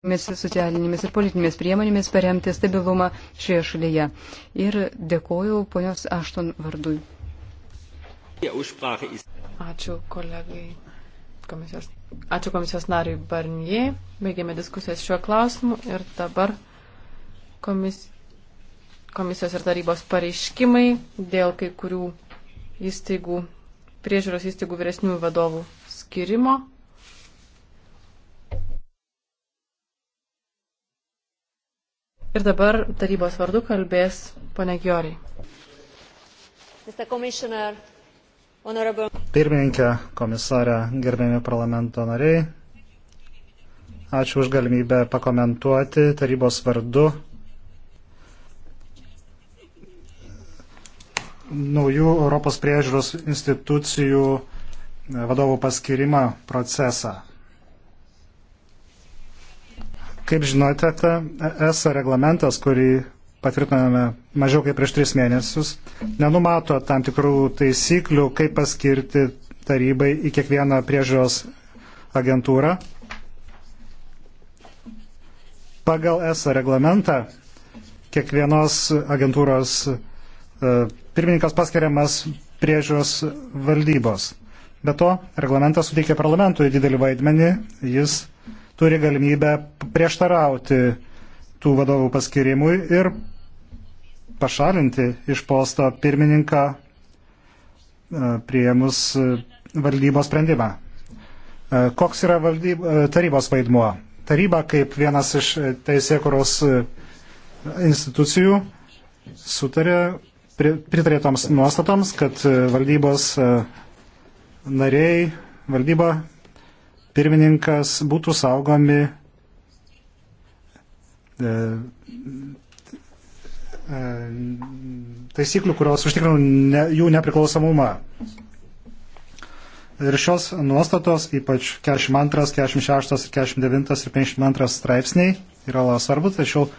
socialinėmis ir politinėmis priemonėmis paremti stabilumą šioje šalyje. Ir dėkoju ponios Ašton vardui. Ačiū kolegai komisijos. Ačiū komisijos nariui Barnie. Baigėme diskusijas šiuo klausimu ir dabar komis, komisijos ir tarybos pareiškimai dėl kai kurių įstaigų, priežiūros įstaigų vyresnių vadovų skirimo. Ir dabar tarybos vardu kalbės ponia Gioriai. Pirmininkė, komisarė, gerbėmi parlamento nariai, ačiū už galimybę pakomentuoti tarybos vardu naujų Europos priežiūros institucijų vadovų paskirimą procesą. Kaip žinote, ta ES reglamentas, kurį patvirtiname mažiau kaip prieš tris mėnesius, nenumato tam tikrų taisyklių, kaip paskirti tarybai į kiekvieną priežiūros agentūrą. Pagal ESA reglamentą kiekvienos agentūros e, pirmininkas paskiriamas priežiūros valdybos. Be to, reglamentas suteikia parlamentui didelį vaidmenį, jis turi galimybę prieštarauti tų vadovų paskirimui ir pašalinti iš posto pirmininką e, prieimus e, valdybos sprendimą. E, koks yra valdyb... tarybos vaidmuo? Taryba kaip vienas iš teisėkuros institucijų sutarė, pritarė toms nuostatoms, kad valdybos nariai, valdyba pirmininkas būtų saugomi e, e, taisyklių, kurios užtikrina ne, jų nepriklausomumą. Ir šios nuostatos, ypač 42, 46, 49 ir 52 straipsniai yra labai svarbu, tačiau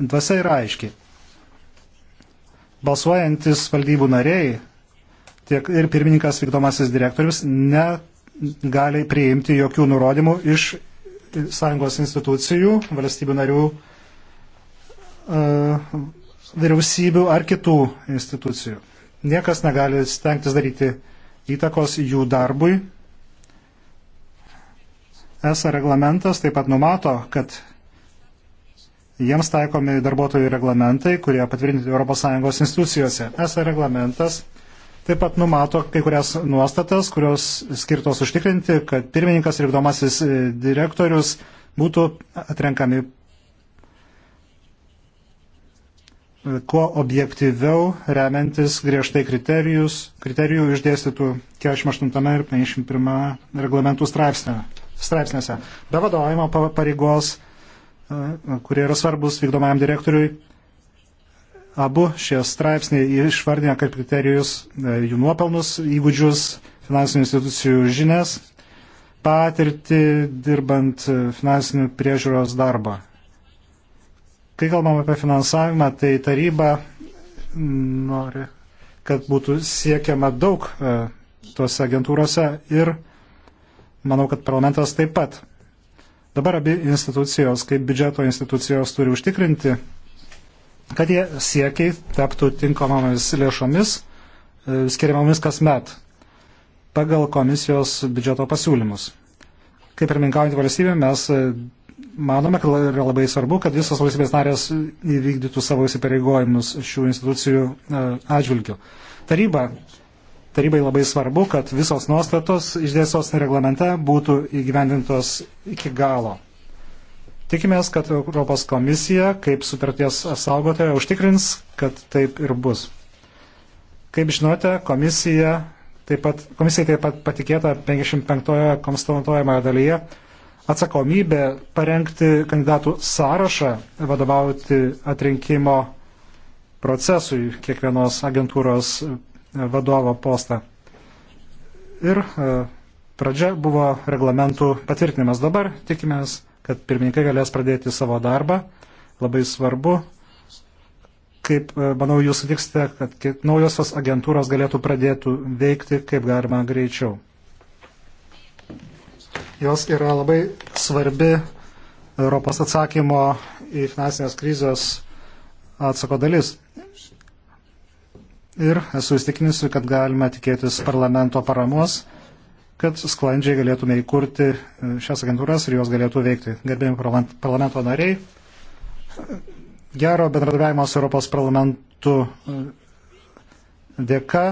dvasia yra aiški. Balsuojantis valdybų nariai tiek ir pirmininkas vykdomasis direktorius net gali priimti jokių nurodymų iš sąjungos institucijų, valstybių narių, e, vyriausybių ar kitų institucijų. Niekas negali stengtis daryti įtakos jų darbui. ESA reglamentas taip pat numato, kad jiems taikomi darbuotojų reglamentai, kurie patvirtinti ES institucijose. ESA reglamentas Taip pat numato kai kurias nuostatas, kurios skirtos užtikrinti, kad pirmininkas ir vykdomasis e, direktorius būtų atrenkami e, kuo objektyviau, remiantis griežtai kriterijų išdėstytų 48 ir 51 reglamentų straipsniuose. Be vadovavimo pareigos, e, kurie yra svarbus vykdomajam direktoriui, Abu šie straipsniai išvardinė kaip kriterijus e, jų nuopelnus, įgūdžius, finansinių institucijų žinias, patirtį dirbant e, finansinių priežiūros darbą. Kai kalbam apie finansavimą, tai taryba nori, kad būtų siekiama daug e, tuose agentūrose ir manau, kad parlamentas taip pat. Dabar abi institucijos, kaip biudžeto institucijos, turi užtikrinti, kad jie siekiai taptų tinkamomis lėšomis e, skiriamomis kasmet pagal komisijos biudžeto pasiūlymus. Kaip ir minkaujant valstybė, mes e, manome, kad yra labai svarbu, kad visos valstybės narės įvykdytų savo įsipareigojimus šių institucijų e, atžvilgių. Taryba, tarybai labai svarbu, kad visos nuostatos išdėstos reglamente būtų įgyvendintos iki galo. Tikimės, kad Europos komisija, kaip sutarties saugotoja, užtikrins, kad taip ir bus. Kaip žinote, komisija taip pat, komisija taip pat patikėta 55-ojo konstatuojamojo dalyje atsakomybė parengti kandidatų sąrašą, vadovauti atrinkimo procesui kiekvienos agentūros e, vadovo postą. Ir e, pradžia buvo reglamentų patvirtinimas. Dabar tikimės kad pirmininkai galės pradėti savo darbą. Labai svarbu, kaip, e, manau, jūs sutiksite, kad naujosios agentūros galėtų pradėtų veikti kaip galima greičiau. Jos yra labai svarbi Europos atsakymo į finansinės krizės atsako dalis. Ir esu įstikinusi, kad galime tikėtis parlamento paramos kad sklandžiai galėtume įkurti e, šias agentūras ir jos galėtų veikti. Gerbėjim parlamento nariai, gero bendradarbiavimo su Europos parlamentu e, dėka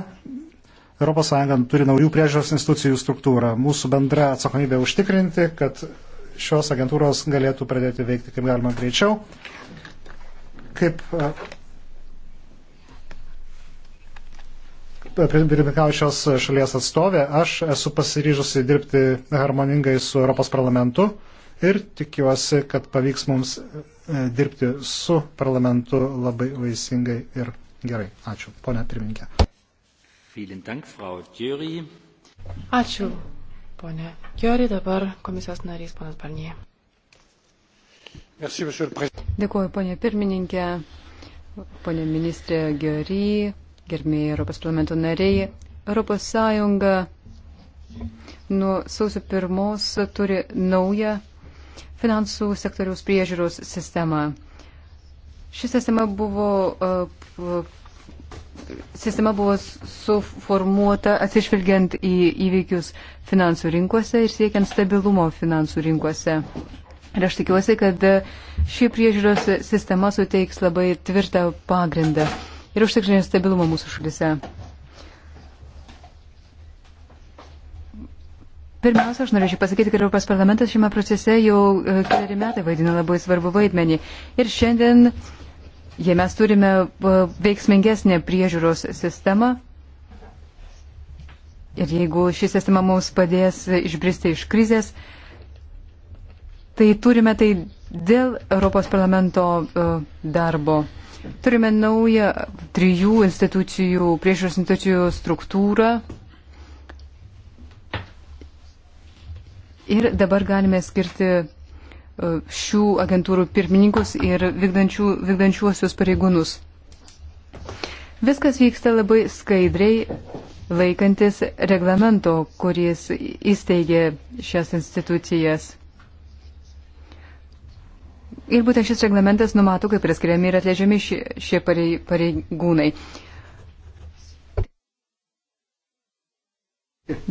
ES turi naujų priežiūros institucijų struktūrą. Mūsų bendra atsakomybė užtikrinti, kad šios agentūros galėtų pradėti veikti kaip galima greičiau. Kaip e, pirmininkaujančios šalies atstovė, aš esu pasiryžusi dirbti harmoningai su Europos parlamentu ir tikiuosi, kad pavyks mums e, dirbti su parlamentu labai vaisingai ir gerai. Ačiū, ponia pirmininkė. Ačiū, ponia Kiori, dabar komisijos narys, ponas Balnyje. Dėkuoju, ponia pirmininkė, ponia ministrė Giori, gerbėjai Europos parlamento nariai, Europos Sąjunga nuo sausio pirmos turi naują finansų sektoriaus priežiūros sistemą. Ši sistema buvo, uh, sistema buvo suformuota atsižvelgiant į įvykius finansų rinkuose ir siekiant stabilumo finansų rinkuose. Ir aš tikiuosi, kad ši priežiūros sistema suteiks labai tvirtą pagrindą ir užtikrinę stabilumą mūsų šalyse. Pirmiausia, aš norėčiau pasakyti, kad Europos parlamentas šiame procese jau e, keli metai vaidina labai svarbu vaidmenį. Ir šiandien, jei mes turime e, veiksmingesnę priežiūros sistemą, ir jeigu ši sistema mums padės išbristi iš krizės, tai turime tai dėl Europos parlamento e, darbo. Turime naują trijų institucijų, priežiūros institucijų struktūrą. Ir dabar galime skirti e, šių agentūrų pirmininkus ir vykdančių, vykdančiuosius pareigūnus. Viskas vyksta labai skaidriai, laikantis reglamento, kuris įsteigė šias institucijas. Ir būtent šis reglamentas numato, kaip yra skiriami ir atleidžiami šie, šie pareigūnai.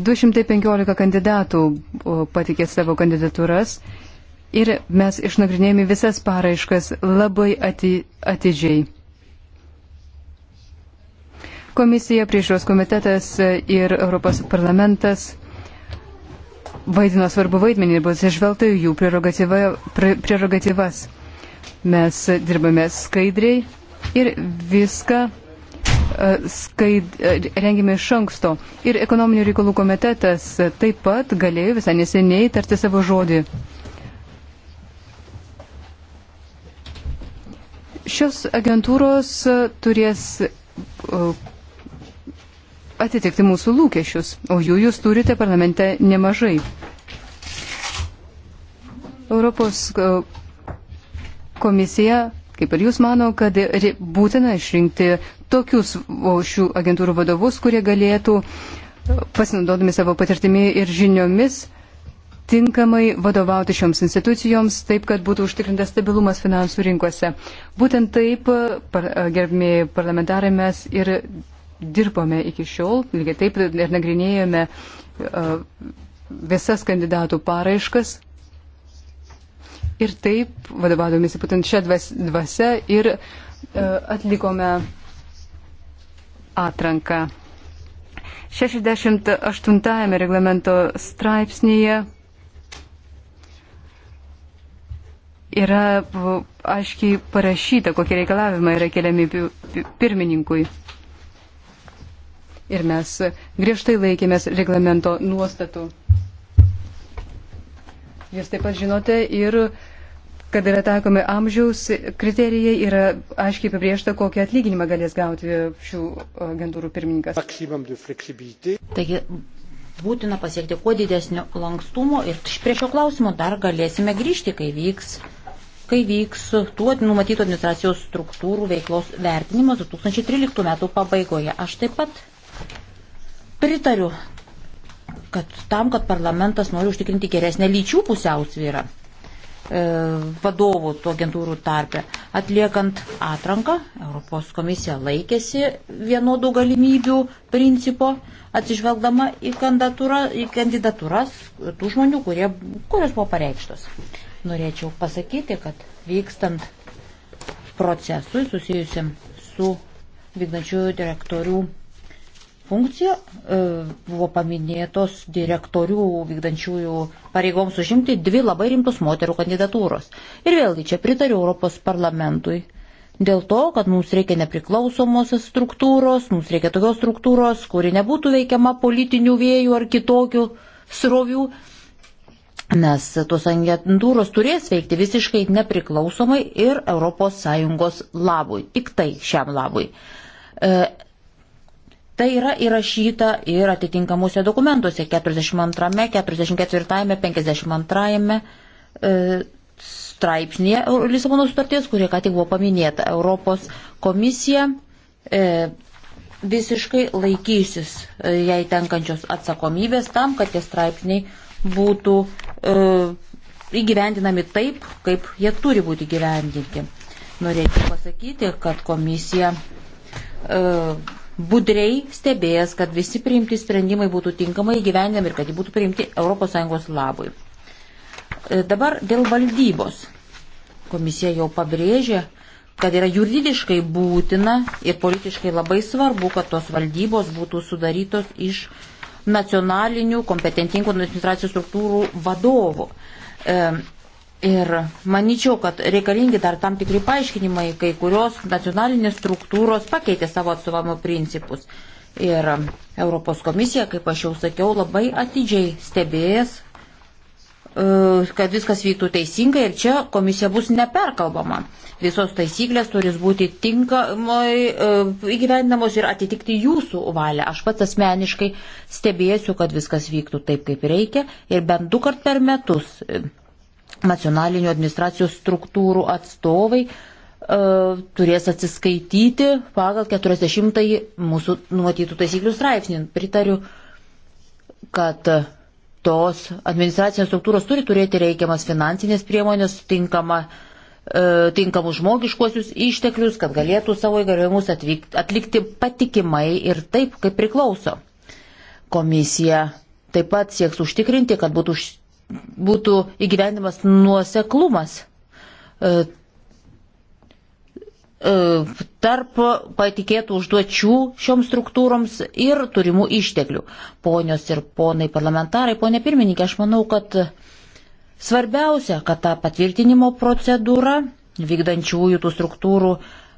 215 kandidatų patikė savo kandidatūras ir mes išnagrinėjome visas paraiškas labai ati, atidžiai. Komisija, priežiūros komitetas ir Europos parlamentas vaidino svarbu vaidmenį ir buvo atsižvelgta į jų prerogatyvas. Mes dirbame skaidriai ir viską e, skaid, e, rengėme iš anksto. Ir ekonominių reikalų komitetas taip pat galėjo visai neseniai tarti savo žodį. Šios agentūros turės e, atitikti mūsų lūkesčius, o jų jūs turite parlamente nemažai. Europos e, komisija, kaip ir jūs, mano, kad būtina išrinkti tokius šių agentūrų vadovus, kurie galėtų, e, pasinaudodami savo patirtimi ir žiniomis, tinkamai vadovauti šioms institucijoms, taip, kad būtų užtikrintas stabilumas finansų rinkose. Būtent taip, e, par, gerbimi parlamentarai, mes ir dirbome iki šiol, lygiai taip ir nagrinėjome visas kandidatų paraiškas Ir taip, vadovaudomės būtent šią dvasę ir e, atlikome atranką. 68 reglamento straipsnėje yra aiškiai parašyta, kokie reikalavimai yra keliami pirmininkui. Ir mes griežtai laikėmės reglamento nuostatų. Jūs taip pat žinote ir uh, kad yra taikomi amžiaus kriterijai, yra aiškiai apibriešta, kokį atlyginimą galės gauti šių agentūrų pirmininkas. Taigi būtina pasiekti kuo didesnio lankstumo ir prie šio klausimo dar galėsime grįžti, kai vyks, kai vyks tuo numatytų administracijos struktūrų veiklos vertinimas 2013 metų pabaigoje. Aš taip pat pritariu, kad tam, kad parlamentas nori užtikrinti geresnę lyčių pusiausvyrą. E, vadovų tų agentūrų tarpe. Atliekant atranką, Europos komisija laikėsi vienodų galimybių principo, atsižvelgdama į, į kandidatūras tų žmonių, kurie, kurios buvo pareikštos. Norėčiau pasakyti, kad vykstant procesui susijusiam su vykdančiųjų direktorių funkcija e, buvo paminėtos direktorių vykdančiųjų pareigoms užimti dvi labai rimtos moterų kandidatūros. Ir vėlgi čia pritariu Europos parlamentui. Dėl to, kad mums reikia nepriklausomos struktūros, mums reikia tokios struktūros, kuri nebūtų veikiama politinių vėjų ar kitokių srovių, nes tos agentūros turės veikti visiškai nepriklausomai ir ES labui, tik tai šiam labui. E, Tai yra įrašyta ir atitinkamuose dokumentuose 42, 44, 52 straipsnėje Lisabono sutarties, kurie ką tik buvo paminėta. Europos komisija e, visiškai laikysis e, jai tenkančios atsakomybės tam, kad tie straipsniai būtų e, įgyvendinami taip, kaip jie turi būti įgyvendinti. Norėčiau pasakyti, kad komisija e, budriai stebėjęs, kad visi priimti sprendimai būtų tinkamai gyvendami ir kad jie būtų priimti ES labui. E, dabar dėl valdybos. Komisija jau pabrėžė, kad yra juridiškai būtina ir politiškai labai svarbu, kad tos valdybos būtų sudarytos iš nacionalinių kompetentingų administracijos struktūrų vadovų. E, Ir manyčiau, kad reikalingi dar tam tikri paaiškinimai, kai kurios nacionalinės struktūros pakeitė savo atstovamo principus. Ir Europos komisija, kaip aš jau sakiau, labai atidžiai stebėjęs, e, kad viskas vyktų teisingai ir čia komisija bus neperkalbama. Visos taisyklės turi būti tinkamai e, įgyvendinamos ir atitikti jūsų valią. Aš pats asmeniškai stebėsiu, kad viskas vyktų taip, kaip reikia ir bent du kart per metus e, nacionalinių administracijos struktūrų atstovai e, turės atsiskaityti pagal 40 mūsų numatytų taisyklių straipsnį. Pritariu, kad tos administracinės struktūros turi turėti reikiamas finansinės priemonės, tinkamą, e, tinkamus žmogiškuosius išteklius, kad galėtų savo įgaliojimus atlikti patikimai ir taip, kaip priklauso. Komisija taip pat sieks užtikrinti, kad būtų užtikrinti būtų įgyvendimas nuoseklumas e, e, tarp patikėtų užduočių šioms struktūroms ir turimų išteklių. Ponios ir ponai parlamentarai, ponė pirmininkė, aš manau, kad svarbiausia, kad ta patvirtinimo procedūra, vykdančiųjų tų struktūrų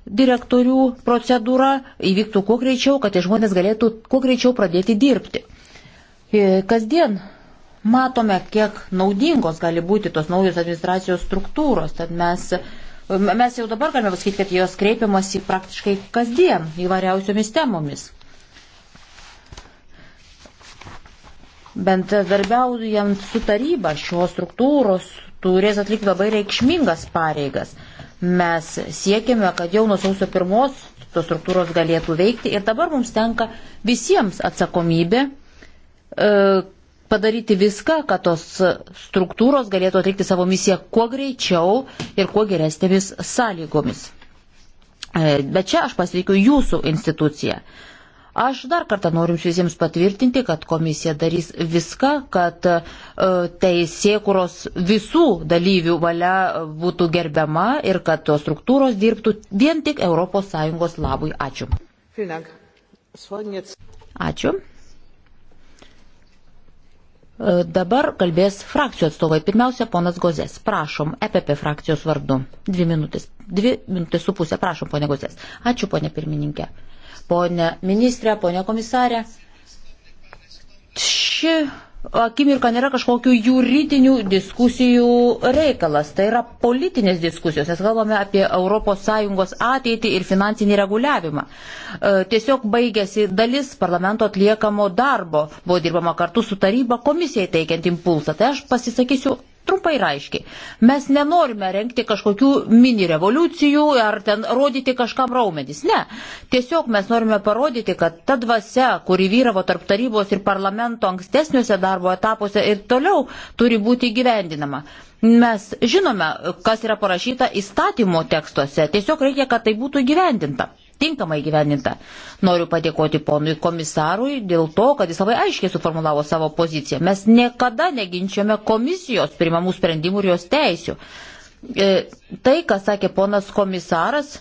direktorių procedūra įvyktų kuo greičiau, kad tie žmonės galėtų kuo greičiau pradėti dirbti. E, kasdien matome, kiek naudingos gali būti tos naujos administracijos struktūros. Tad mes, mes jau dabar galime pasakyti, kad jos kreipiamas į praktiškai kasdien įvairiausiomis temomis. Bendradarbiaujant su taryba šios struktūros turės atlikti labai reikšmingas pareigas. Mes siekime, kad jau nuo sausio pirmos tos struktūros galėtų veikti ir dabar mums tenka visiems atsakomybė, e, padaryti viską, kad tos struktūros galėtų atlikti savo misiją kuo greičiau ir kuo geresnėmis sąlygomis. E, bet čia aš pasveikiu jūsų instituciją. Aš dar kartą noriu jums visiems patvirtinti, kad komisija darys viską, kad e, teisėkuros visų dalyvių valia e, būtų gerbiama ir kad tos struktūros dirbtų vien tik ES labui. Ačiū. Ačiū. E, dabar kalbės frakcijų atstovai. Pirmiausia, ponas Gozės. Prašom, EPP frakcijos vardu. Dvi minutės. Dvi minutės su pusė. Prašom, ponė Gozės. Ačiū, ponė pirmininkė. Ponė ministrė, ponė komisarė. Ši akimirką nėra kažkokių juridinių diskusijų reikalas, tai yra politinės diskusijos, nes kalbame apie ES ateitį ir finansinį reguliavimą. E, tiesiog baigėsi dalis parlamento atliekamo darbo, buvo dirbama kartu su taryba komisijai teikiant impulsą, tai aš pasisakysiu Trumpai ir aiškiai. Mes nenorime renkti kažkokių mini revoliucijų ar ten rodyti kažkam raumenis. Ne. Tiesiog mes norime parodyti, kad ta dvasia, kuri vyravo tarp tarybos ir parlamento ankstesniuose darbo etapuose ir toliau turi būti įgyvendinama. Mes žinome, kas yra parašyta įstatymo tekstuose. Tiesiog reikia, kad tai būtų įgyvendinta tinkamai gyveninta. Noriu padėkoti ponui komisarui dėl to, kad jis labai aiškiai suformulavo savo poziciją. Mes niekada neginčiame komisijos primamų sprendimų ir jos teisių. E, tai, ką sakė ponas komisaras,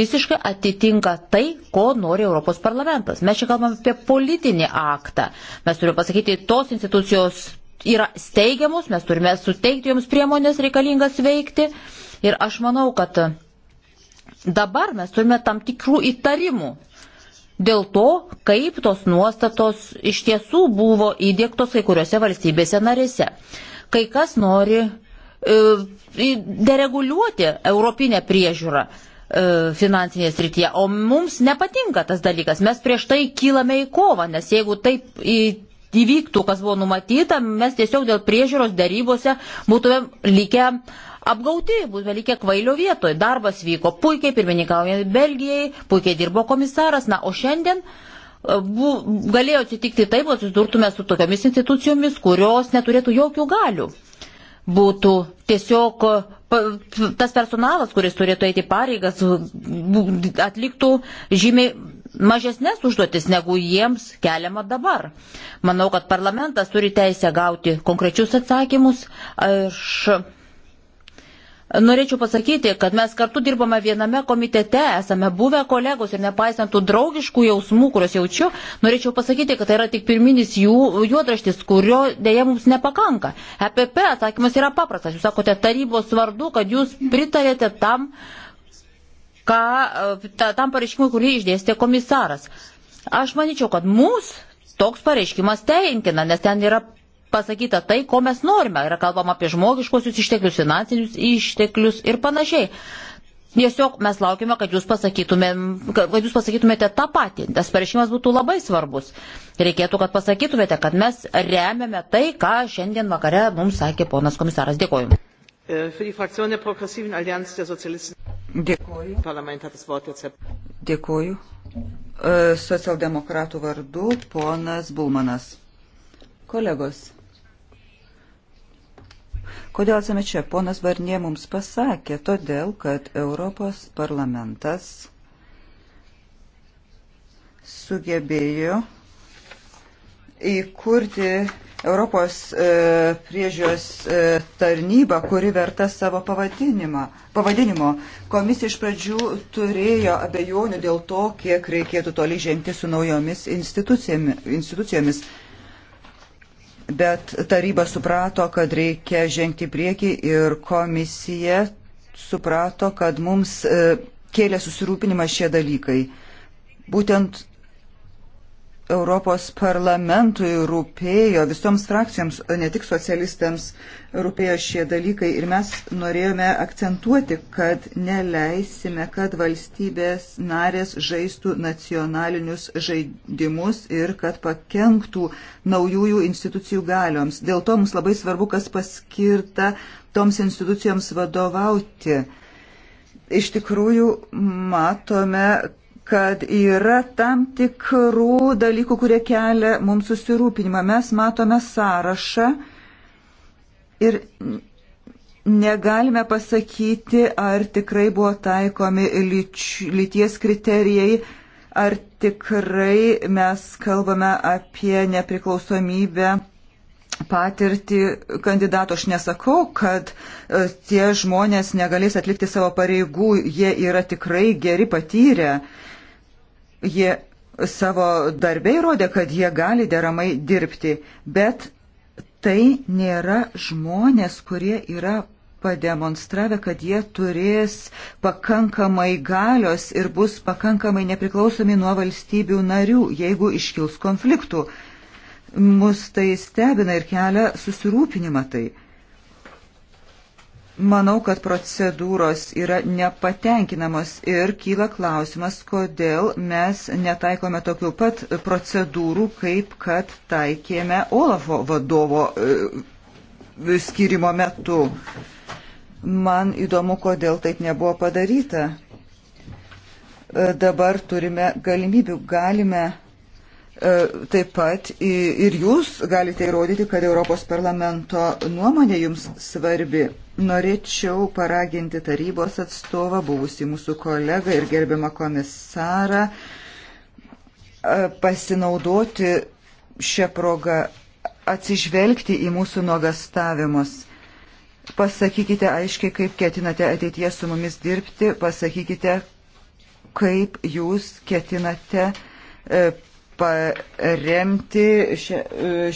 visiškai atitinka tai, ko nori Europos parlamentas. Mes čia kalbam apie politinį aktą. Mes turime pasakyti, tos institucijos yra steigiamus, mes turime suteikti joms priemonės reikalingas veikti. Ir aš manau, kad Dabar mes turime tam tikrų įtarimų dėl to, kaip tos nuostatos iš tiesų buvo įdėktos kai kuriuose valstybėse narėse. Kai kas nori e, dereguliuoti europinę priežiūrą e, finansinės rytyje, o mums nepatinka tas dalykas, mes prieš tai kylame į kovą, nes jeigu taip įvyktų, kas buvo numatyta, mes tiesiog dėl priežiūros darybose būtumėm likę apgauti, būtume likę kvailio vietoje. Darbas vyko puikiai, pirmininkaujant Belgijai, puikiai dirbo komisaras, na, o šiandien e, bu, galėjo atsitikti taip, kad susidurtume su tokiamis institucijomis, kurios neturėtų jokių galių. Būtų tiesiog e, tas personalas, kuris turėtų eiti pareigas, e, atliktų žymiai mažesnės užduotis, negu jiems keliama dabar. Manau, kad parlamentas turi teisę gauti konkrečius atsakymus. Aš Norėčiau pasakyti, kad mes kartu dirbame viename komitete, esame buvę kolegos ir nepaisant tų draugiškų jausmų, kuriuos jaučiu, norėčiau pasakyti, kad tai yra tik pirminis jų juodraštis, kurio dėja mums nepakanka. EPP atsakymas yra paprastas. Jūs sakote tarybos vardu, kad jūs pritarėte tam, ką, ta, tam pareiškimui, kurį išdėstė komisaras. Aš manyčiau, kad mūsų toks pareiškimas tenkina, nes ten yra pasakyta tai, ko mes norime. Yra kalbama apie žmogiškosius išteklius, finansinius išteklius ir panašiai. Tiesiog mes laukime, kad jūs, kad jūs pasakytumėte tą patį. Tas pareiškimas būtų labai svarbus. Reikėtų, kad pasakytumėte, kad mes remiame tai, ką šiandien vakare mums sakė ponas komisaras. Dėkoju. E, Dėkoju. Dėkoju. E, socialdemokratų vardu ponas Bulmanas. Kolegos. Kodėl esame čia? Ponas Varnie mums pasakė, todėl, kad Europos parlamentas sugebėjo įkurti Europos e, priežios e, tarnyba, kuri verta savo pavadinimo. Komisija iš pradžių turėjo abejonių dėl to, kiek reikėtų toli žengti su naujomis institucijomis bet taryba suprato, kad reikia žengti prieki ir komisija suprato, kad mums e, kėlė susirūpinimą šie dalykai. Būtent Europos parlamentui rūpėjo, visoms frakcijoms, ne tik socialistams rūpėjo šie dalykai ir mes norėjome akcentuoti, kad neleisime, kad valstybės narės žaistų nacionalinius žaidimus ir kad pakenktų naujųjų institucijų galioms. Dėl to mums labai svarbu, kas paskirta toms institucijoms vadovauti. Iš tikrųjų, matome, kad yra tam tikrų dalykų, kurie kelia mums susirūpinimą. Mes matome sąrašą ir negalime pasakyti, ar tikrai buvo taikomi lyč, lyties kriterijai, ar tikrai mes kalbame apie nepriklausomybę patirtį kandidato. Aš nesakau, kad e, tie žmonės negalės atlikti savo pareigų, jie yra tikrai geri patyrę Jie savo darbiai rodė, kad jie gali deramai dirbti, bet tai nėra žmonės, kurie yra pademonstravę, kad jie turės pakankamai galios ir bus pakankamai nepriklausomi nuo valstybių narių, jeigu iškils konfliktų. Mus tai stebina ir kelia susirūpinimą tai. Manau, kad procedūros yra nepatenkinamos ir kyla klausimas, kodėl mes netaikome tokių pat procedūrų, kaip kad taikėme Olafo vadovo e, skirimo metu. Man įdomu, kodėl taip nebuvo padaryta. E, dabar turime galimybių, galime E, taip pat ir jūs galite įrodyti, kad Europos parlamento nuomonė jums svarbi. Norėčiau paraginti tarybos atstovą, buvusį mūsų kolegą ir gerbiamą komisarą, e, pasinaudoti šią progą atsižvelgti į mūsų nuogastavimus. Pasakykite aiškiai, kaip ketinate ateityje su mumis dirbti, pasakykite, kaip jūs ketinate e, paremti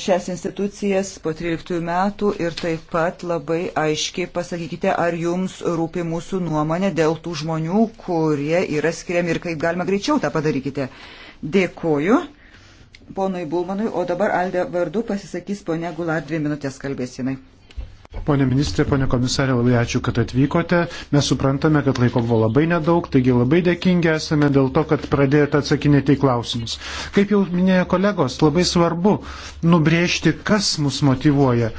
šias institucijas po 13 metų ir taip pat labai aiškiai pasakykite, ar jums rūpi mūsų nuomonė dėl tų žmonių, kurie yra skiriami ir kaip galima greičiau tą padarykite. Dėkuoju ponui Bulmanui, o dabar Aldė vardu pasisakys ponia Gular dvi minutės kalbėsinai. Pone ministrė, pone komisarė, labai ačiū, kad atvykote. Mes suprantame, kad laiko buvo labai nedaug, taigi labai dėkingi esame dėl to, kad pradėjote atsakinėti į klausimus. Kaip jau minėjo kolegos, labai svarbu nubrėžti, kas mus motivuoja.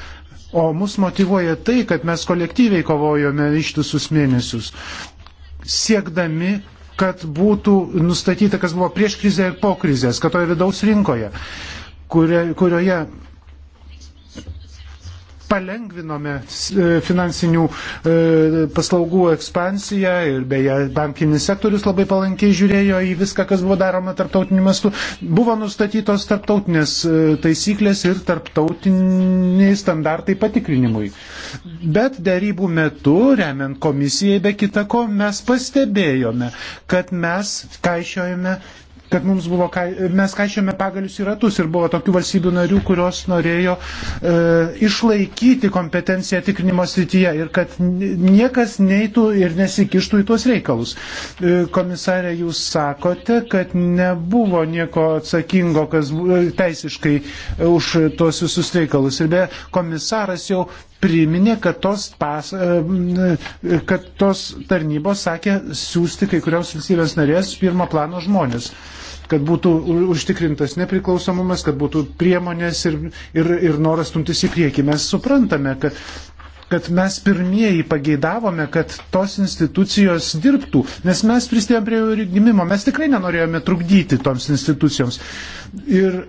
O mus motivuoja tai, kad mes kolektyviai kovojome ištisus mėnesius, siekdami kad būtų nustatyta, kas buvo prieš krizę ir po krizės, kad toje vidaus rinkoje, kurioje palengvinome e, finansinių e, paslaugų ekspansiją ir beje bankinis sektorius labai palankiai žiūrėjo į viską, kas buvo daroma tarptautiniu mastu. Buvo nustatytos tarptautinės e, taisyklės ir tarptautiniai standartai patikrinimui. Bet dėrybų metu, remiant komisijai be kitako, mes pastebėjome, kad mes kaišiojame kad mums buvo, mes kaišiame pagalius į ratus ir buvo tokių valstybių narių, kurios norėjo e, išlaikyti kompetenciją tikrinimo srityje ir kad niekas neitų ir nesikištų į tuos reikalus. E, komisarė, jūs sakote, kad nebuvo nieko atsakingo, kas teisiškai e, už tuos visus reikalus. Ir be komisaras jau priminė, kad tos, pas, e, kad tos tarnybos sakė siūsti kai kurios valstybės narės pirmo plano žmonės kad būtų užtikrintas nepriklausomumas, kad būtų priemonės ir, ir, ir noras stumtis į priekį. Mes suprantame, kad kad mes pirmieji pageidavome, kad tos institucijos dirbtų, nes mes pristėjom prie jų gimimo, mes tikrai nenorėjome trukdyti toms institucijoms. Ir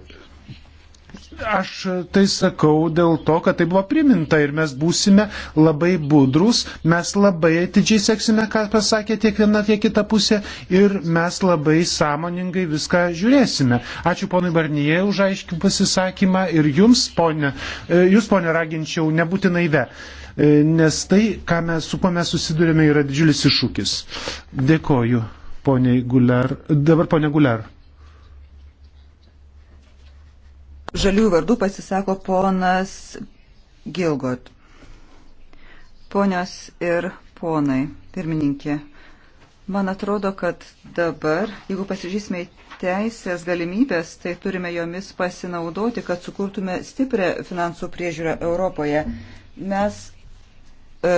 Aš tai sakau dėl to, kad tai buvo priminta ir mes būsime labai budrus, mes labai atidžiai seksime, ką pasakė tiek viena, tiek kita pusė ir mes labai sąmoningai viską žiūrėsime. Ačiū ponui Barnyje už aiškį pasisakymą ir jums, ponė, e, jūs, ponė, raginčiau nebūti naive, e, nes tai, mes, su kuo mes susidurime, yra didžiulis iššūkis. Dėkoju, ponė Guler. Dabar ponė Guler. žalių vardų pasisako ponas Gilgot. Ponios ir ponai, pirmininkė, man atrodo, kad dabar, jeigu pasižiūrėsime į teisės galimybės, tai turime jomis pasinaudoti, kad sukurtume stiprią finansų priežiūrą Europoje. Mes e,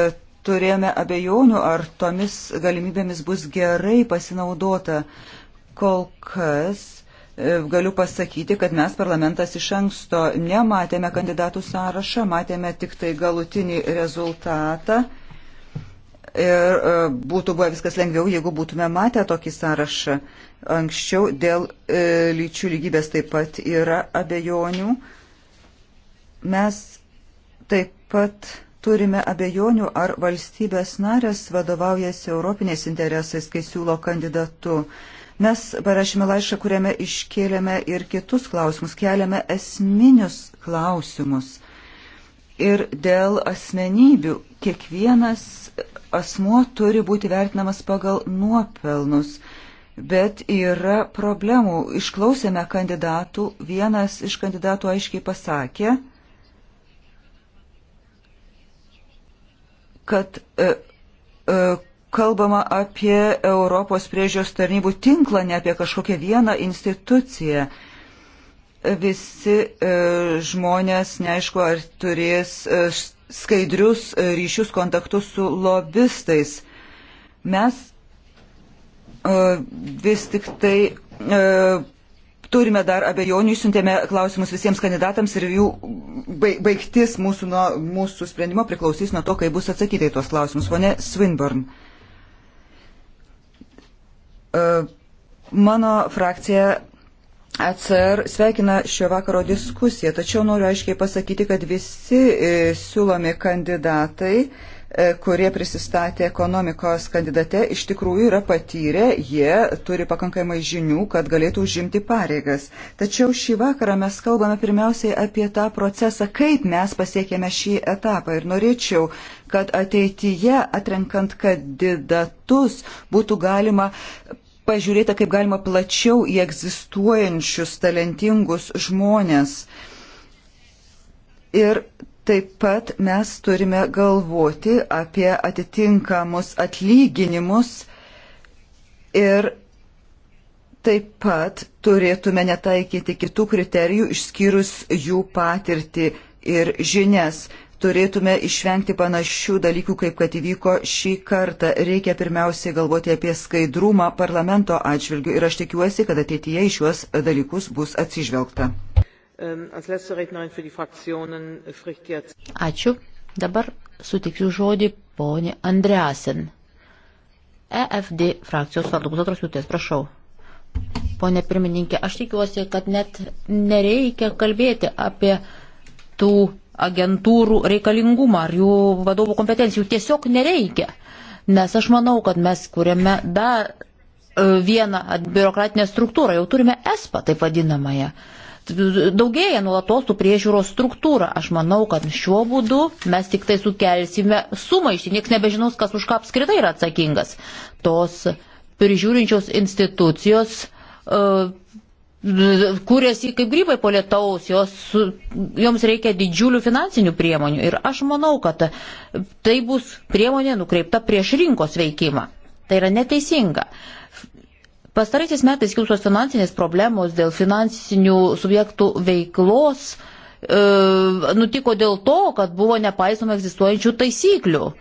turėjome abejonių, ar tomis galimybėmis bus gerai pasinaudota. Kol kas E, galiu pasakyti, kad mes parlamentas iš anksto nematėme kandidatų sąrašą, matėme tik tai galutinį rezultatą. Ir e, būtų buvę viskas lengviau, jeigu būtume matę tokį sąrašą. Anksčiau dėl e, lyčių lygybės taip pat yra abejonių. Mes taip pat turime abejonių, ar valstybės narės vadovaujasi europinės interesais, kai siūlo kandidatu. E, Mes parašėme laišką, kuriame iškėlėme ir kitus klausimus, keliame esminius klausimus. Ir dėl asmenybių kiekvienas asmuo turi būti vertinamas pagal nuopelnus. Bet yra problemų. Išklausėme kandidatų, vienas iš kandidatų aiškiai pasakė, kad e, e, kalbama apie Europos priežios tarnybų tinklą, ne apie kažkokią vieną instituciją. Visi e, žmonės, neaišku, ar turės e, skaidrius e, ryšius kontaktus su lobistais. Mes e, vis tik tai e, turime dar abejonių, išsiuntėme klausimus visiems kandidatams ir jų baigtis mūsų, nuo, mūsų sprendimo priklausys nuo to, kai bus atsakyta į tuos klausimus. Pone Swinburne. E, mano frakcija ECR sveikina šio vakaro diskusiją, tačiau noriu aiškiai pasakyti, kad visi e, siūlomi kandidatai e, kurie prisistatė ekonomikos kandidate, iš tikrųjų yra patyrę, jie turi pakankamai žinių, kad galėtų užimti pareigas. Tačiau šį vakarą mes kalbame pirmiausiai apie tą procesą, kaip mes pasiekėme šį etapą. Ir norėčiau kad ateityje atrenkant kandidatus būtų galima pažiūrėti, kaip galima plačiau į egzistuojančius talentingus žmonės. Ir taip pat mes turime galvoti apie atitinkamus atlyginimus ir taip pat turėtume netaikyti kitų kriterijų išskyrus jų patirtį ir žinias turėtume išvengti panašių dalykų, kaip kad įvyko šį kartą. Reikia pirmiausiai galvoti apie skaidrumą parlamento atžvilgių ir aš tikiuosi, kad ateityje į šiuos dalykus bus atsižvelgta. Ähm, äh, Ačiū. Dabar sutiksiu žodį ponė Andreasen. EFD frakcijos vardu pusantros jūtės, prašau. Pone pirmininkė, aš tikiuosi, kad net nereikia kalbėti apie tų agentūrų reikalingumą ar jų vadovų kompetencijų tiesiog nereikia. Nes aš manau, kad mes kuriame dar e, vieną biurokratinę struktūrą, jau turime ESPA taip vadinamąją. Daugėja nuolatos tų priežiūros struktūra. Aš manau, kad šiuo būdu mes tik tai sukelsime sumaištį, niekas nebežinos, kas už ką apskritai yra atsakingas. Tos prižiūrinčios institucijos uh, kūrėsi kaip grybai po lietaus, jos, joms reikia didžiulių finansinių priemonių. Ir aš manau, kad tai bus priemonė nukreipta prieš rinkos veikimą. Tai yra neteisinga. Pastaraisiais metais kilusios finansinės problemos dėl finansinių subjektų veiklos e, nutiko dėl to, kad buvo nepaisoma egzistuojančių taisyklių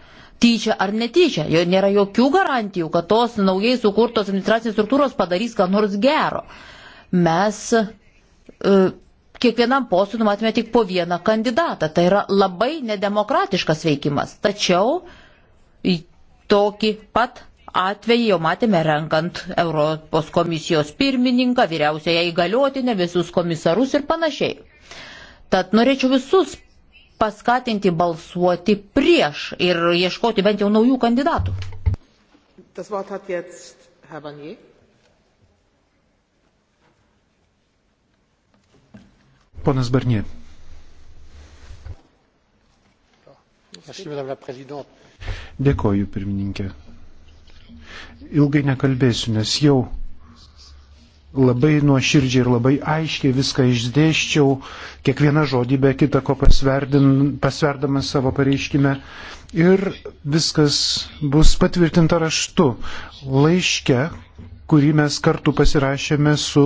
tyčia ar netyčia. Jo nėra jokių garantijų, kad tos naujai sukurtos administracinės struktūros padarys ką nors gero mes e, kiekvienam postui numatėme tik po vieną kandidatą. Tai yra labai nedemokratiškas veikimas. Tačiau tokį pat atvejį jau matėme renkant Europos komisijos pirmininką, vyriausiąją įgaliotinę, visus komisarus ir panašiai. Tad norėčiau visus paskatinti balsuoti prieš ir ieškoti bent jau naujų kandidatų. Das Wort hat jetzt Herr Barnier. Ponas Barnie. Dėkoju, pirmininkė. Ilgai nekalbėsiu, nes jau labai nuoširdžiai ir labai aiškiai viską išdėščiau, kiekvieną žodį be kita ko pasverdamas savo pareiškime. Ir viskas bus patvirtinta raštu, laiške, kurį mes kartu pasirašėme su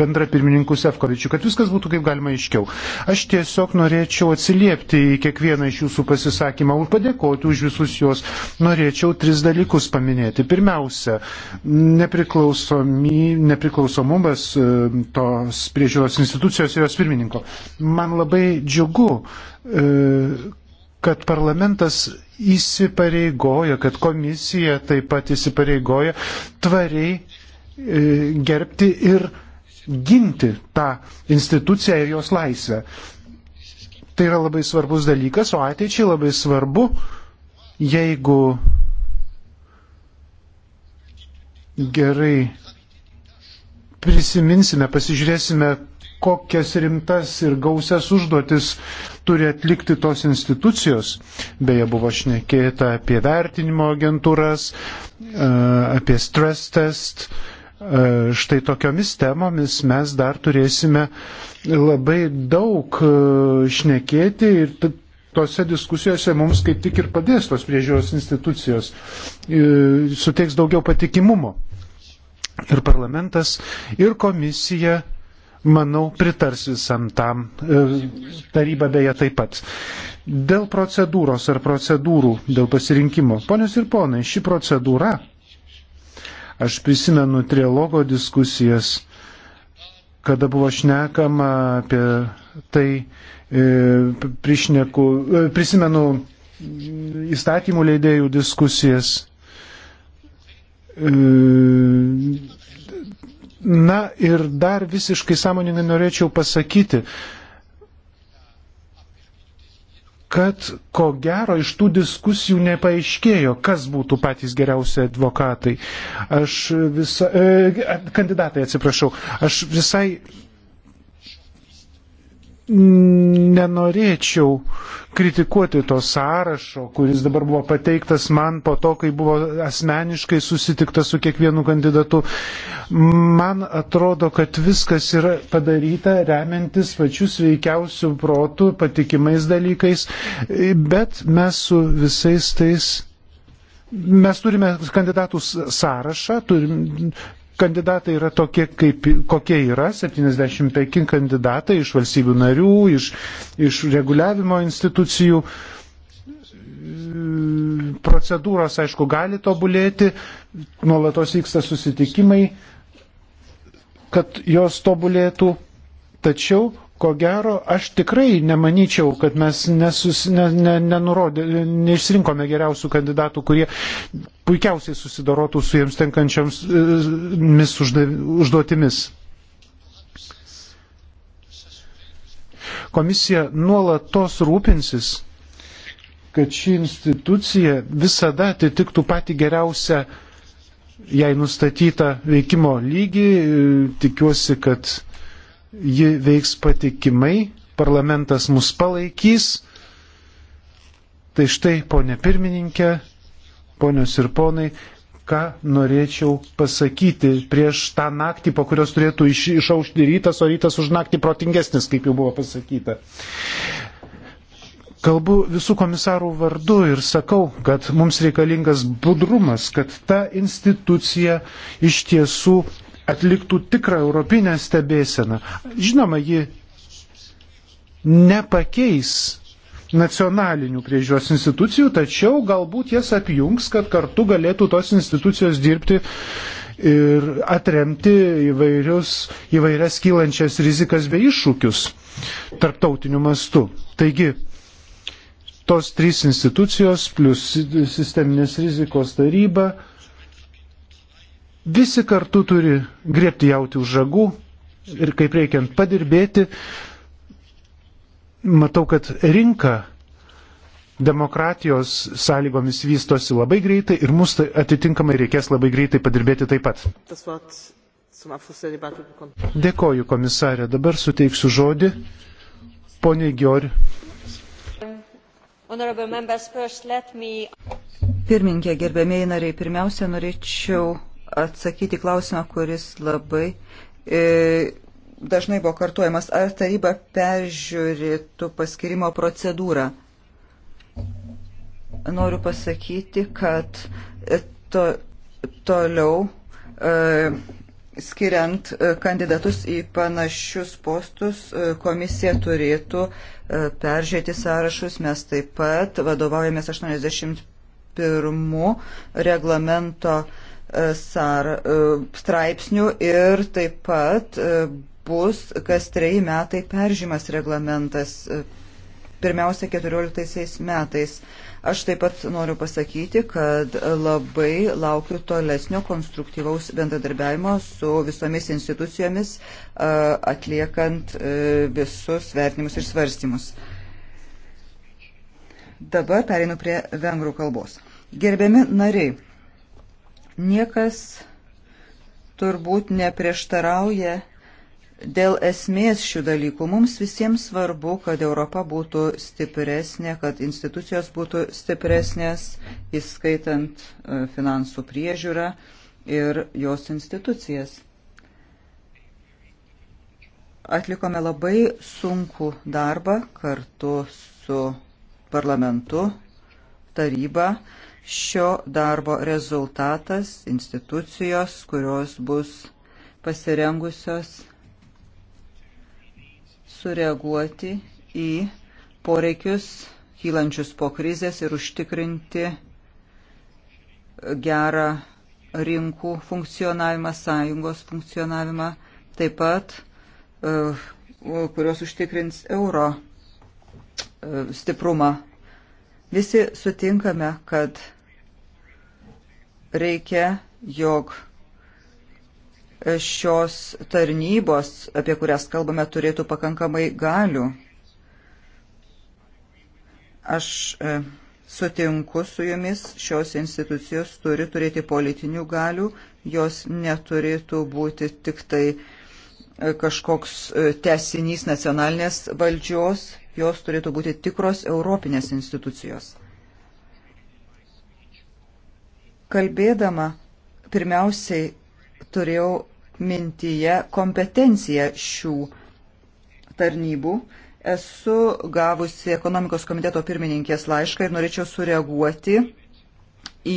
bendra pirmininku Sefkovičiu, kad viskas būtų kaip galima aiškiau. Aš tiesiog norėčiau atsiliepti į kiekvieną iš jūsų pasisakymą ir padėkoti už visus juos. Norėčiau tris dalykus paminėti. Pirmiausia, nepriklausomumas e, tos priežiūros institucijos ir jos pirmininko. Man labai džiugu, e, kad parlamentas įsipareigoja, kad komisija taip pat įsipareigoja tvariai e, gerbti ir ginti tą instituciją ir jos laisvę. Tai yra labai svarbus dalykas, o ateičiai labai svarbu, jeigu gerai prisiminsime, pasižiūrėsime, kokias rimtas ir gausias užduotis turi atlikti tos institucijos. Beje, buvo šnekėta apie vertinimo agentūras, e, apie stress test. E, štai tokiomis temomis mes dar turėsime labai daug e, šnekėti ir tose diskusijose mums kaip tik ir padės tos priežiūros institucijos, suteiks daugiau patikimumo ir parlamentas, ir komisija, manau, pritars visam tam, e, taryba beje taip pat. Dėl procedūros ar procedūrų, dėl pasirinkimo. Ponios ir ponai, ši procedūra, aš prisimenu trialogo diskusijas, kada buvo šnekama apie tai, e, prišneku, e, prisimenu įstatymų leidėjų diskusijas Na ir dar visiškai sąmoningai norėčiau pasakyti, kad ko gero iš tų diskusijų nepaaiškėjo, kas būtų patys geriausi advokatai. Aš visą. E, kandidatai, atsiprašau. Aš visai nenorėčiau kritikuoti to sąrašo, kuris dabar buvo pateiktas man po to, kai buvo asmeniškai susitikta su kiekvienu kandidatu. Man atrodo, kad viskas yra padaryta remiantis pačius veikiausių protų, patikimais dalykais, bet mes su visais tais Mes turime kandidatų sąrašą, turim, kandidatai yra tokie, kaip, kokie yra, 75 kandidatai iš valstybių narių, iš, iš reguliavimo institucijų. Procedūros, aišku, gali tobulėti, nuolatos vyksta susitikimai, kad jos tobulėtų, tačiau ko gero, aš tikrai nemanyčiau, kad mes nesus, ne, ne, nenurodė, neišsirinkome geriausių kandidatų, kurie puikiausiai susidorotų su jiems tenkančiams e, užduotimis. Komisija nuolatos rūpinsis, kad ši institucija visada atitiktų patį geriausią jai nustatytą veikimo lygį. Tikiuosi, kad ji veiks patikimai, parlamentas mus palaikys. Tai štai, ponė pirmininkė, ponios ir ponai, ką norėčiau pasakyti prieš tą naktį, po kurios turėtų iš, išaušti rytas, o rytas už naktį protingesnis, kaip jau buvo pasakyta. Kalbu visų komisarų vardu ir sakau, kad mums reikalingas budrumas, kad ta institucija iš tiesų atliktų tikrą europinę stebėseną. Žinoma, ji nepakeis nacionalinių priežiūros institucijų, tačiau galbūt jas apjungs, kad kartu galėtų tos institucijos dirbti ir atremti įvairius, įvairias kylančias rizikas bei iššūkius tarptautiniu mastu. Taigi, tos trys institucijos plus sisteminės rizikos taryba Visi kartu turi griebti jauti už žagų ir kaip reikiant padirbėti. Matau, kad rinka demokratijos sąlygomis vystosi labai greitai ir mus tai atitinkamai reikės labai greitai padirbėti taip pat. Dėkoju, komisarė. Dabar suteiksiu žodį poniai Giori. Pirmininkė, gerbėmėjai nariai, pirmiausia, norėčiau atsakyti klausimą, kuris labai e, dažnai buvo kartuojamas. Ar taryba peržiūrėtų paskirimo procedūrą? Noriu pasakyti, kad e, to, toliau e, skiriant e, kandidatus į panašius postus, e, komisija turėtų peržiūrėti sąrašus. Mes taip pat vadovaujamės 81 reglamento e, sar, e, straipsnių ir taip pat e, bus kas treji metai peržimas reglamentas, e, pirmiausia 14 metais. Aš taip pat noriu pasakyti, kad labai laukiu tolesnio konstruktyvaus bendradarbiavimo su visomis institucijomis, atliekant visus vertinimus ir svarstymus. Dabar pereinu prie vengrų kalbos. Gerbiami nariai, Niekas turbūt neprieštarauja dėl esmės šių dalykų. Mums visiems svarbu, kad Europa būtų stipresnė, kad institucijos būtų stipresnės, įskaitant e, finansų priežiūrą ir jos institucijas. Atlikome labai sunku darbą kartu su parlamentu, taryba. Šio darbo rezultatas institucijos, kurios bus pasirengusios sureaguoti į poreikius kylančius po krizės ir užtikrinti gerą rinkų funkcionavimą, sąjungos funkcionavimą, taip pat e, kurios užtikrins euro e, stiprumą. Visi sutinkame, kad Reikia, jog šios tarnybos, apie kurias kalbame, turėtų pakankamai galių. Aš e, sutinku su jumis, šios institucijos turi turėti politinių galių, jos neturėtų būti tik tai e, kažkoks e, tesinys nacionalinės valdžios, jos turėtų būti tikros europinės institucijos. Kalbėdama, pirmiausiai turėjau mintyje kompetenciją šių tarnybų. Esu gavusi ekonomikos komiteto pirmininkės laišką ir norėčiau sureaguoti į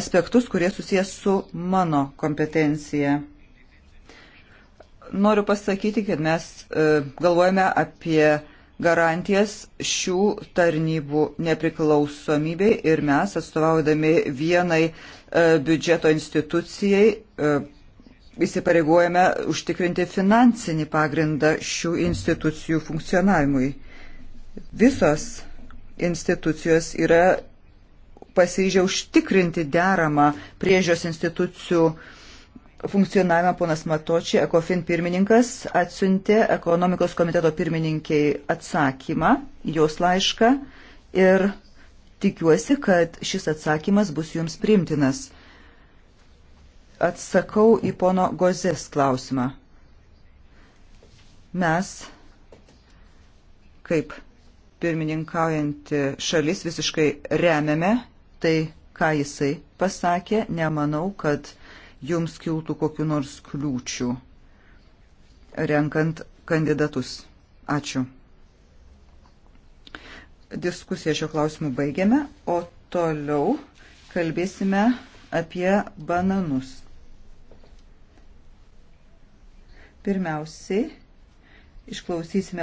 aspektus, kurie susijęs su mano kompetencija. Noriu pasakyti, kad mes e, galvojame apie garantijas šių tarnybų nepriklausomybei ir mes, atstovaudami vienai e, biudžeto institucijai, e, įsipareigojame užtikrinti finansinį pagrindą šių institucijų funkcionavimui. Visos institucijos yra pasiryžę užtikrinti deramą priežios institucijų uh, funkcionavimą ponas Matočiai, ECOFIN pirmininkas, atsiuntė ekonomikos komiteto pirmininkiai atsakymą, jos laišką ir tikiuosi, kad šis atsakymas bus jums priimtinas. Atsakau į pono Gozės klausimą. Mes, kaip pirmininkaujanti šalis, visiškai remiame tai, ką jisai pasakė. Nemanau, kad jums kiltų kokiu nors kliūčių renkant kandidatus. Ačiū. Diskusiją šio klausimu baigiame, o toliau kalbėsime apie bananus. Pirmiausiai išklausysime